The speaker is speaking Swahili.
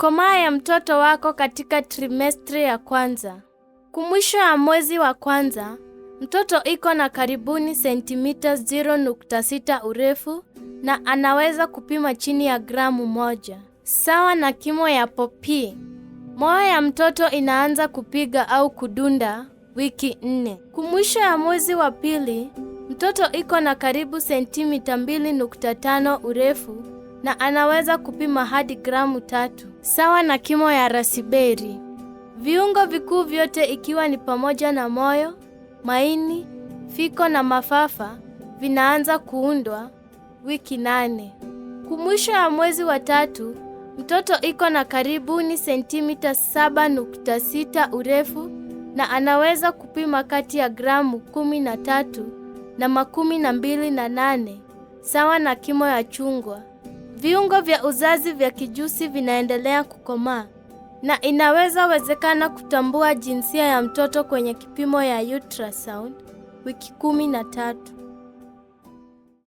Komaa ya mtoto wako katika trimestri ya kwanza. Kumwisho ya mwezi wa kwanza, mtoto iko na karibuni sentimita 0.6 urefu na anaweza kupima chini ya gramu moja, sawa na kimo ya popi. Moyo ya mtoto inaanza kupiga au kudunda wiki nne. Kumwisho ya mwezi wa pili, mtoto iko na karibu sentimita 2.5 urefu na anaweza kupima hadi gramu tatu, sawa na kimo ya rasiberi. Viungo vikuu vyote ikiwa ni pamoja na moyo, maini, fiko na mafafa vinaanza kuundwa wiki nane. Kumwisho ya mwezi wa tatu, mtoto iko na karibuni sentimita 7.6 urefu na anaweza kupima kati ya gramu 13 na na makumi na mbili na nane sawa na kimo ya chungwa. Viungo vya uzazi vya kijusi vinaendelea kukomaa na inaweza wezekana kutambua jinsia ya mtoto kwenye kipimo ya ultrasound wiki kumi na tatu.